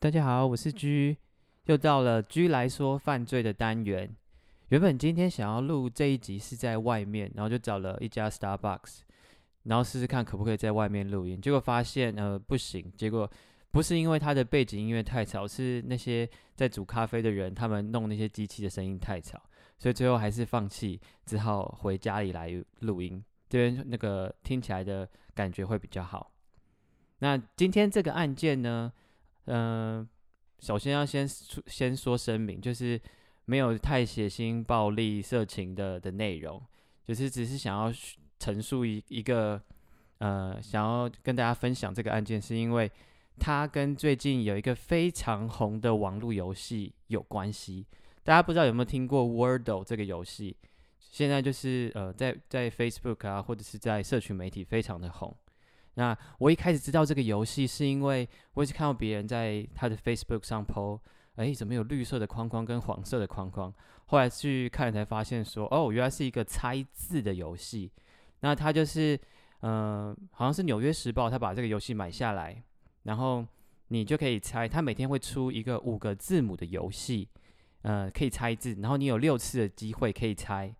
大家好，我是 G，又到了 G 來說犯罪的單元。原本今天想要錄這一集是在外面，然後就找了一家 Starbucks，然後試試看可不可以在外面錄音。結果發現，呃，不行，結果不是因為它的背景音樂太吵，是那些在煮咖啡的人他們弄那些機器的聲音太吵，所以最後還是放棄，只好回家裡來錄音。這邊那個聽起來的感覺會比較好。那今天這個案件呢？嗯、呃，首先要先先說聲明，就是沒有太血腥、暴力、色情的的內容，就是只是想要陳述一一個，呃，想要跟大家分享這個案件，是因為它跟最近有一個非常紅的網絡遊戲有關係。大家不知道有沒有聽過 Wordle 這個遊戲？現在就是呃，在在 Facebook 啊，或者是在社群媒體非常的紅。那我一開始知道這個遊戲，是因為我一直看到別人在他的 Facebook 上 po，哎、欸，怎麼有綠色的框框跟黃色的框框？後來去看了才發現說，哦，原來是一個猜字的遊戲。那他就是，嗯、呃，好像是《紐約時報》他把這個遊戲買下來，然後你就可以猜。他每天會出一個五個字母的遊戲，呃，可以猜字，然後你有六次的機會可以猜。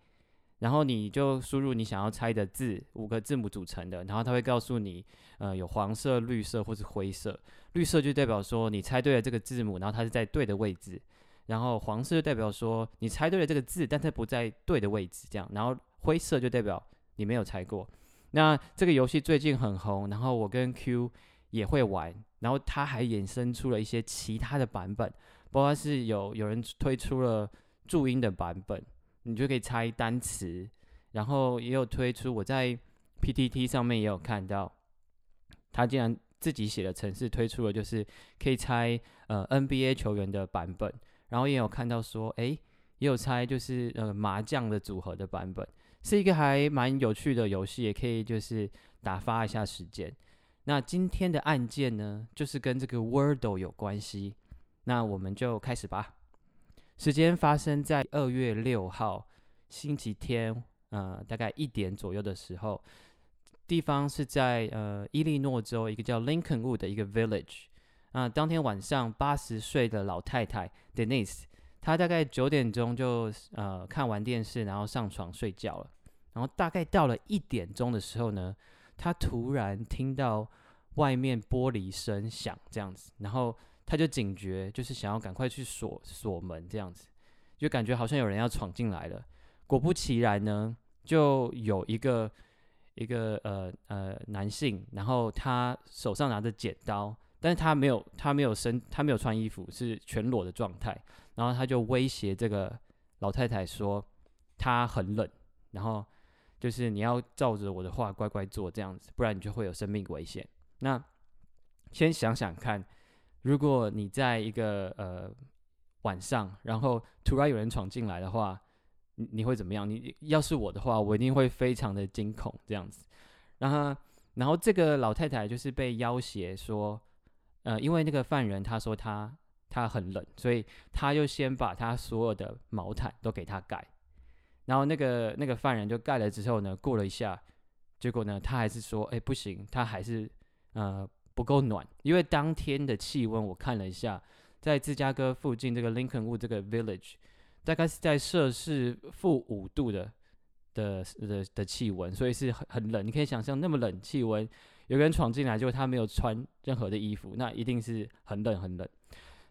然後你就輸入你想要猜的字，五個字母組成的。然後它會告訴你，呃，有黃色、綠色或是灰色。綠色就代表說你猜對了這個字母，然後它是在對的位置。然後黃色就代表說你猜對了這個字，但它不在對的位置，這樣，然後灰色就代表你沒有猜過。那這個遊戲最近很紅，然後我跟 Q 也會玩。然後它還衍生出了一些其他的版本，包括是有有人推出了注音的版本。你就可以猜單詞，然後也有推出，我在 PTT 上面也有看到，他竟然自己寫的程式，推出了，就是可以猜呃 NBA 球員的版本，然後也有看到說，哎，也有猜就是呃麻將的組合的版本，是一個還蠻有趣的遊戲，也可以就是打發一下時間。那今天的案件呢，就是跟這個 Wordle 有關係，那我們就開始吧。時間發生在二月六號，星期天，呃，大概一點左右的時候，地方是在呃伊利諾州一個叫 Lincolnwood 的一個 village，啊、呃，當天晚上八十歲的老太太 Denise，她大概九點鐘就呃看完電視，然後上床睡覺了。然後大概到了一點鐘的時候呢，她突然聽到外面玻璃聲響這樣子，然後他就警覺，就是想要趕快去鎖鎖門，這樣子，就感覺好像有人要闖進來了。果不其然呢，就有一個一個呃呃男性，然後他手上拿着剪刀，但是他沒有他沒有身他沒有穿衣服，是全裸的狀態。然後他就威脅這個老太太說：“他很冷，然後就是你要照着我的話乖乖做，這樣子，不然你就會有生命危險。”那先想想看。如果你在一個呃晚上，然後突然有人闖進來的話，你你會怎麼樣？你要是我的話，我一定會非常的驚恐這樣子。然後，然後這個老太太就是被要挾說，呃，因為那個犯人他說他他很冷，所以他就先把他所有的毛毯都給他蓋。然後那個那個犯人就蓋了之後呢，過了一下，結果呢，他還是說，哎，不行，他還是呃。不夠暖，因為當天的氣溫我看了一下，在芝加哥附近這個 Lincolnwood 這個 Village 大概是在攝氏負五度的的的的的氣溫，所以是很很冷。你可以想象那麼冷氣溫，有個人闖進來，就是他沒有穿任何的衣服，那一定是很冷很冷。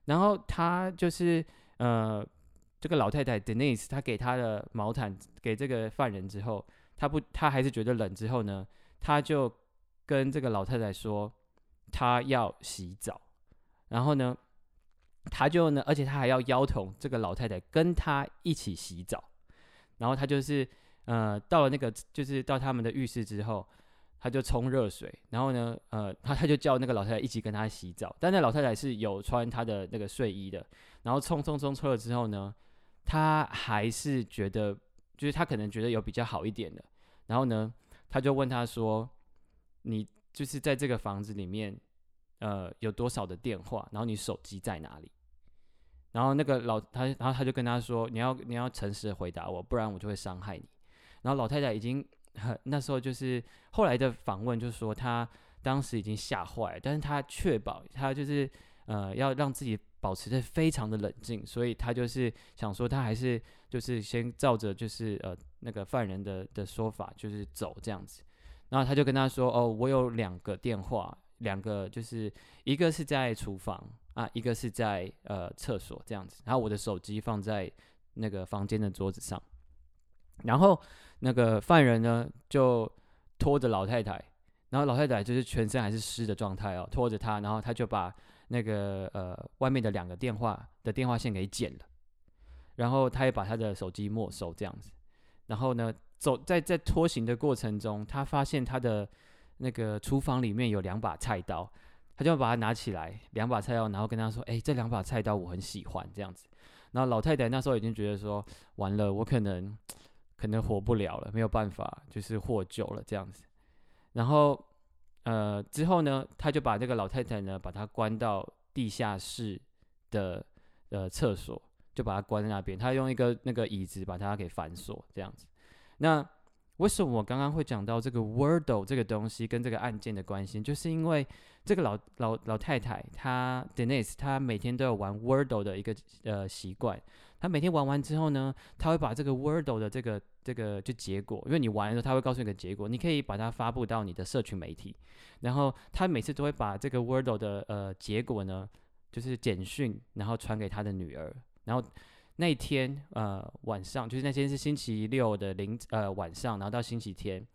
然後他就是呃，這個老太太 Denise，她給他的毛毯給這個犯人之後，她不他還是覺得冷之後呢，他就跟這個老太太說。他要洗澡，然後呢，他就呢，而且他還要邀同這個老太太跟他一起洗澡，然後他就是，呃，到了那個就是到他們的浴室之後，他就沖熱水，然後呢，呃，他他就叫那個老太太一起跟他洗澡，但那老太太是有穿她的那個睡衣的，然後沖沖沖沖出了之後呢，他還是覺得，就是他可能覺得有比較好一點的，然後呢，他就問他說。你就是在這個房子裡面，呃，有多少的電話？然後你手機在哪裡？然後那個老他，然後他就跟他說：“你要你要誠實的回答我，不然我就會傷害你。”然後老太太已經很，那時候就是後來的訪問，就是說她當時已經嚇壞了，但是她確保她就是呃，要讓自己保持得非常的冷靜，所以她就是想說她還是就是先照着就是呃，那個犯人的的說法就是走這樣子。然後他就跟他說：“哦，我有兩個電話，兩個就是一個是在廚房啊，一個是在呃廁所這樣子。然後我的手機放在那個房間的桌子上。然後那個犯人呢，就拖着老太太，然後老太太就是全身還是濕的狀態哦，拖着他。然後他就把那個呃外面的兩個電話的電話線給剪了，然後他也把他的手機沒收這樣子。然後呢？”走在在拖行的過程中，他發現他的那個廚房裡面有兩把菜刀，他就要把它拿起來，兩把菜刀，然後跟他說：“哎、欸，這兩把菜刀我很喜歡。”這樣子，然後老太太那時候已經覺得說：“完了，我可能可能活不了了，沒有辦法，就是獲救了。”這樣子，然後呃之後呢，他就把這個老太太呢，把她關到地下室的呃廁所，就把她關在那邊，他用一個那個椅子把她給反鎖，這樣子。那為什麼我剛剛會講到這個 Wordle 這個東西跟這個案件的關係，就是因為這個老老老太太她 Denise，她每天都有玩 Wordle 的一個呃習慣，她每天玩完之後呢，她會把這個 Wordle 的這個這個就結果，因為你玩的時候，她會告訴你一個結果，你可以把它發布到你的社群媒體，然後她每次都會把這個 Wordle 的呃結果呢，就是簡訊，然後傳給她的女兒，然後。那一天呃晚上，就是那天是星期六的凌呃晚上，然後到星期天，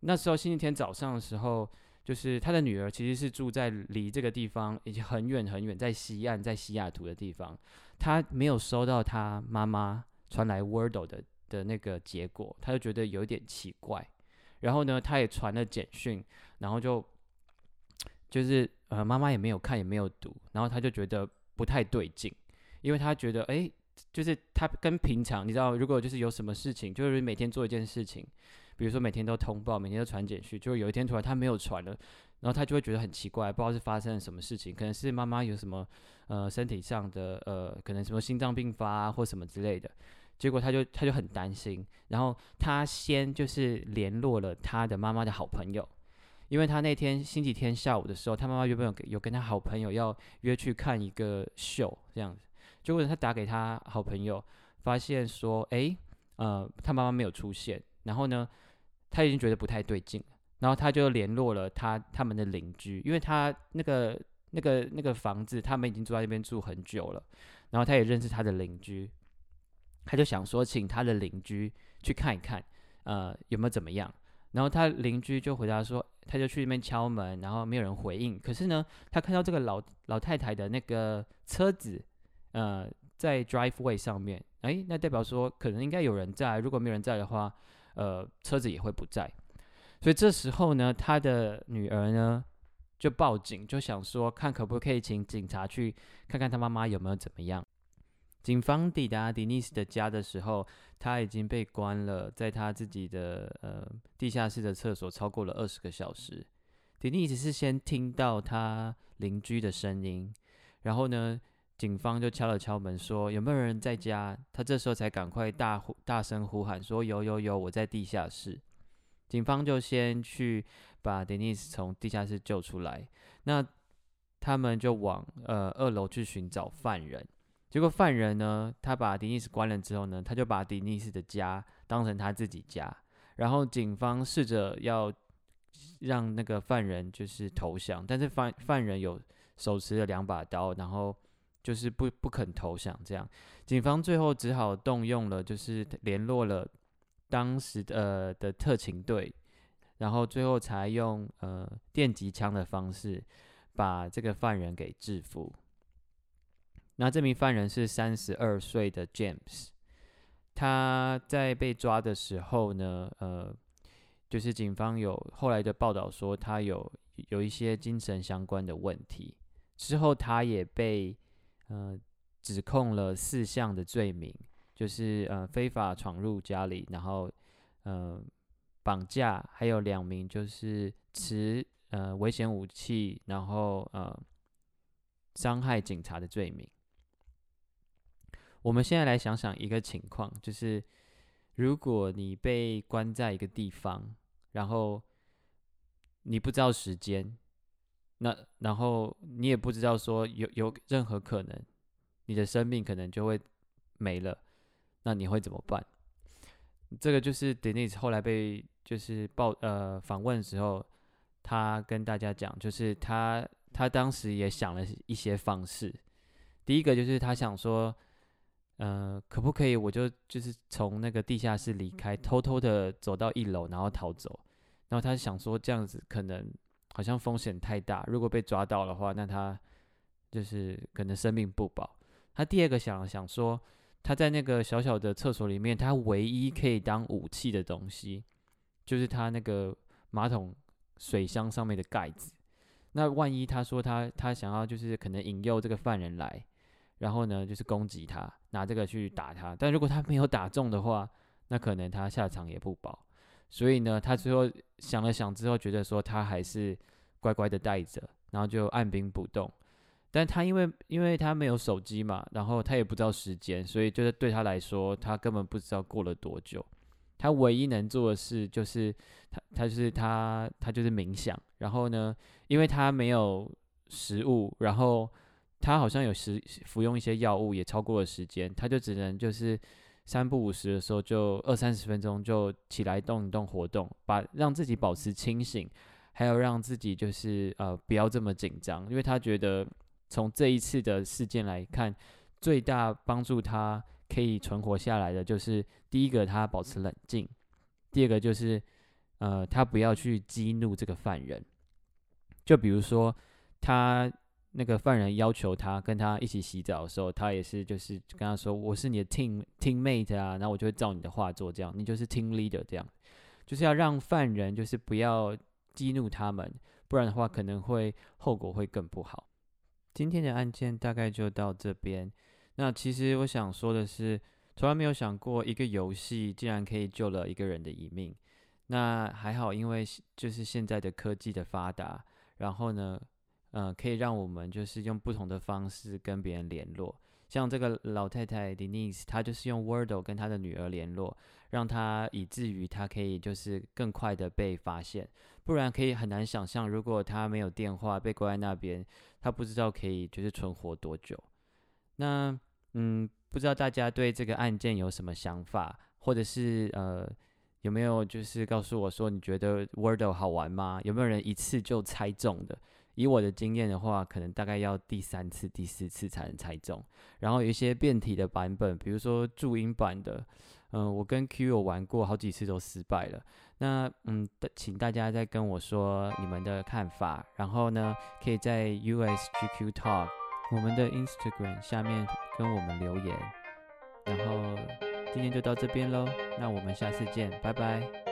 那時候星期天早上的時候，就是他的女兒其實是住在離這個地方已經很遠很遠，在西岸，在西雅圖的地方，他沒有收到他媽媽傳來 Wordle 的的那個結果，他就覺得有點奇怪，然後呢，他也傳了簡訊，然後就就是呃媽媽也沒有看也沒有讀，然後他就覺得不太對勁，因為他覺得哎，誒就是他跟平常，你知道，如果就是有什麼事情，就是每天做一件事情，比如說每天都通報，每天都傳簡訊，就有一天突然他沒有傳了，然後他就會覺得很奇怪，不知道是發生了什麼事情，可能是媽媽有什麼呃身體上的呃，可能什麼心臟病發啊，或什麼之類的，結果他就他就很擔心，然後他先就是聯絡了他的媽媽的好朋友，因為他那天星期天下午的時候，他媽媽原本有有跟他好朋友要約去看一個秀這樣子。結果他打給他好朋友，發現說：“誒，呃，他媽媽沒有出現。”然後呢，他已經覺得不太對勁。然後他就聯絡了他他們的鄰居，因為他那個那個那個房子，他們已經住在那邊住很久了。然後他也認識他的鄰居，他就想說請他的鄰居去看一看，呃，有沒有怎麼樣。然後他鄰居就回答說，他就去那邊敲門，然後沒有人回應。可是呢，他看到這個老老太太的那個車子。呃，在 driveway 上面，哎，那代表說可能應該有人在。如果沒有人在的話，呃，車子也會不在。所以這時候呢，他的女兒呢就報警，就想說看可不可以請警察去看看他媽媽有沒有怎麼樣。警方抵達迪尼斯的家的時候，他已經被關了，在他自己的呃地下室的廁所超過了二十個小時。迪尼斯是先聽到他鄰居的聲音，然後呢，警方就敲了敲門，說有沒有人在家？他這時候才趕快大呼大聲呼喊說：“有有有，我在地下室。”警方就先去把迪尼斯從地下室救出來。那他們就往呃二樓去尋找犯人。結果犯人呢，他把迪尼斯關了之後呢，他就把迪尼斯的家當成他自己家。然後警方試着要讓那個犯人就是投降，但是犯犯人有手持了兩把刀，然後。就是不不肯投降，這樣，警方最後只好動用了，就是聯絡了當時的、呃、的特勤隊，然後最後才用呃電擊槍的方式把這個犯人給制服。那這名犯人是三十二歲的 James，他在被抓的時候呢，呃，就是警方有後來的報道說他有有一些精神相關的問題，之後他也被。呃，指控了四項的罪名，就是呃非法闖入家裡，然後呃綁架，還有兩名就是持呃危險武器，然後呃傷害警察的罪名。我們現在來想想一個情況，就是如果你被關在一個地方，然後你不知道時間。那然後你也不知道說有有任何可能，你的生命可能就會沒了，那你會怎麼辦？這個就是 Dennis 後來被就是報呃訪問的時候，他跟大家講，就是他他當時也想了一些方式。第一個就是他想說，嗯、呃，可不可以我就就是從那個地下室離開，偷偷的走到一樓，然後逃走。然後他想說這樣子可能。好像風險太大，如果被抓到的話，那他就是可能生命不保。他第二個想想說，他在那個小小的廁所裡面，他唯一可以當武器的東西，就是他那個馬桶水箱上面的蓋子。那萬一他說他他想要就是可能引誘這個犯人來，然後呢就是攻擊他，拿這個去打他。但如果他沒有打中的話，那可能他下場也不保。所以呢，他最後想了想之後，覺得說他還是乖乖的待著，然後就按兵不動。但他因為因為他沒有手機嘛，然後他也不知道時間，所以就是對他來說，他根本不知道過了多久。他唯一能做的事就是他他就是他他就是冥想。然後呢，因為他沒有食物，然後他好像有時服用一些藥物，也超過了時間，他就只能就是。三不五時的時候，就二三十分鐘就起來動一動活動，把讓自己保持清醒，還有讓自己就是呃不要這麼緊張，因為他覺得從這一次的事件來看，最大幫助他可以存活下來的就是第一個他保持冷靜，第二個就是呃他不要去激怒這個犯人，就比如說他。那個犯人要求他跟他一起洗澡的時候，他也是就是跟他說：“我是你的 team teammate 啊，然後我就會照你的話做，這樣你就是 team leader 這樣，就是要讓犯人就是不要激怒他們，不然的話可能會後果會更不好。”今天的案件大概就到這邊。那其實我想說的是，從來沒有想過一個遊戲竟然可以救了一個人的一命。那還好，因為就是現在的科技的發達，然後呢，嗯、呃，可以讓我們就是用不同的方式跟別人聯絡。像這個老太太 Denise 她就是用 Wordle 跟她的女兒聯絡，讓她以至於她可以就是更快的被發現。不然可以很難想象，如果她沒有電話被關在那邊，她不知道可以就是存活多久。那嗯，不知道大家對這個案件有什麼想法，或者是呃有沒有就是告訴我說你覺得 Wordle 好玩嗎？有沒有人一次就猜中的？以我的經驗的話，可能大概要第三次、第四次才能猜中。然後有一些變體的版本，比如說注音版的，嗯、呃，我跟 Q 有玩過好幾次都失敗了。那嗯，請大家再跟我說你們的看法。然後呢，可以在 USGQ Talk 我們的 Instagram 下面跟我們留言。然後今天就到這邊嘍，那我們下次見，拜拜。